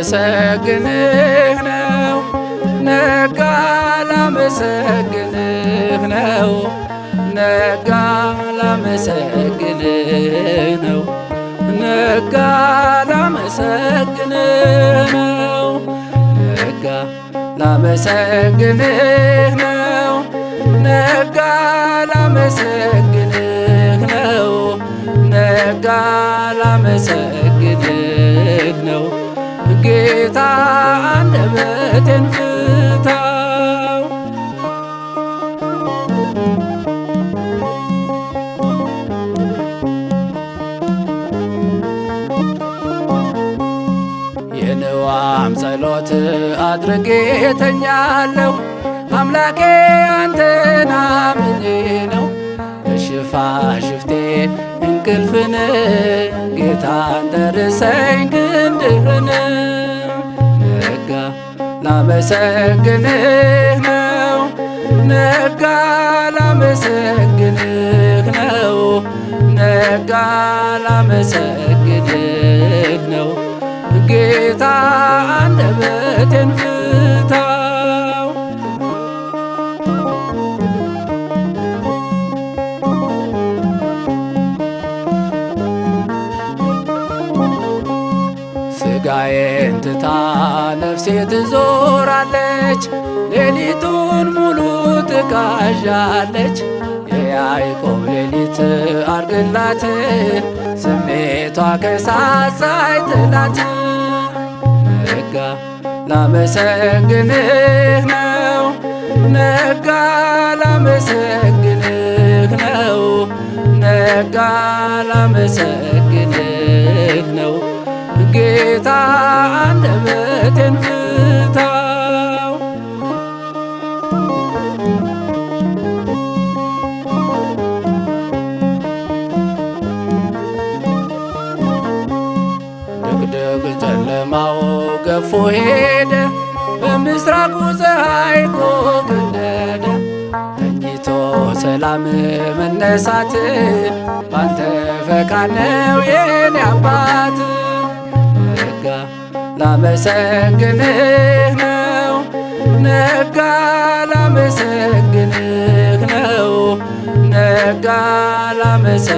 ላመሰግንህ ነው ነጋ ላመሰግንህ ነው ነጋ ላመሰግንህ ነው ነጋ ላመሰግንህ ነው ነጋ ላመሰግንህ ነው ነጋ ላመሰግንህ ነው ነጋ ላመሰግንህ ሰላም ጸሎት አድርጌ ተኛለሁ። አምላኬ አንተን አምኜ ነው እሽፋ ሽፍቴ እንቅልፍን ጌታን ደርሰኝ ክንድህን ነጋ ላመሰግንህ ነው ነጋ ላመሰግንህ ነው ነጋ ላመሰግንህ ነው ጌታ ሥጋዬን ትታ ነፍሴ ትዞራለች፣ ሌሊቱን ሙሉ ትቃዣለች። የያዕቆብ ሌሊት አርግላት ስሜቷ ከሳሳይ ትላት ነጋ ላመሰግንህ ነው ነጋ ላመሰግንህ ነው ነጋ ላመሰግንህ ጌታ አንደበቴን ፍታው ድቅድቅ ጨለማው ገፎ ሄደ በምስራቁ ፀሐይ ኮቀለደ ተኝቶ ሰላም መነሳት ባንተ ፈቃድ ነው የኔ አባት ጸጋ ላመሰግንህ ነው ነጋ ላመሰግንህ ነው ነጋ ላመሰ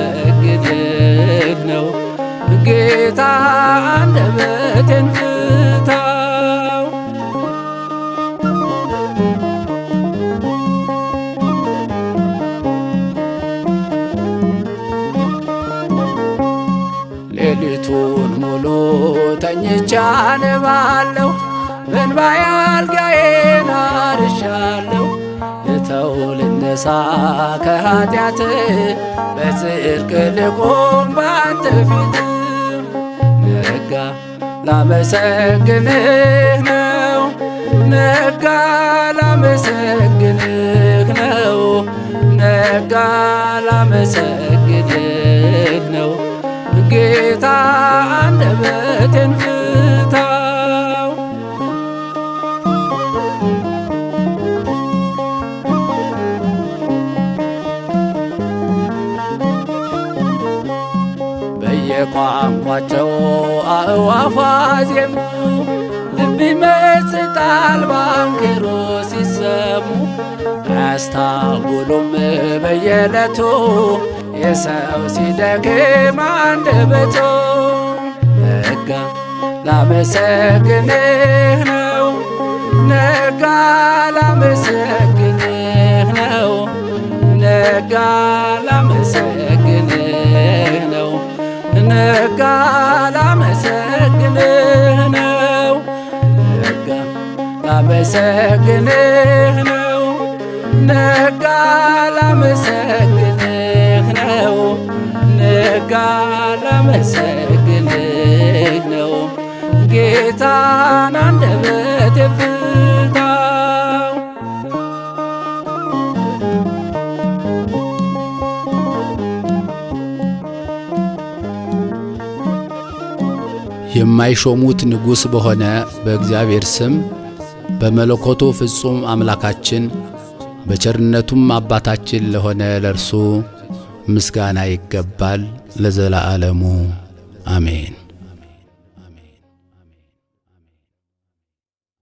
ተኝቻ ነባለሁ በእንባዬ አልጋዬን አርሻለሁ። ልተው ልነሳ ከኃጢአት በጽድቅ ልቁም ባንተ ፊት ነጋ ላመሰግንህ ነው ነጋ ላመሰግንህ ነው ነጋ ላመሰግንህ ቋንቋቸው አእዋፋት ዜሙ ልብ ይመስጣል ባንክሮ ሲሰሙ አያስታውሉም በየዕለቱ የሰው ሲደክም አንደበቱ ነጋ ላመሰግንህ ነው ነጋ ላመሰግንህ ነው ነጋ ላመሰግንህ ነው ነጋ ላመሰግንህ ነው ነጋ ላመሰግንህ ነው ጌታን አንደበቴ ፍታው የማይሾሙት ንጉሥ በሆነ በእግዚአብሔር ስም በመለኮቱ ፍጹም አምላካችን በቸርነቱም አባታችን ለሆነ ለእርሱ ምስጋና ይገባል ለዘላለሙ አሜን።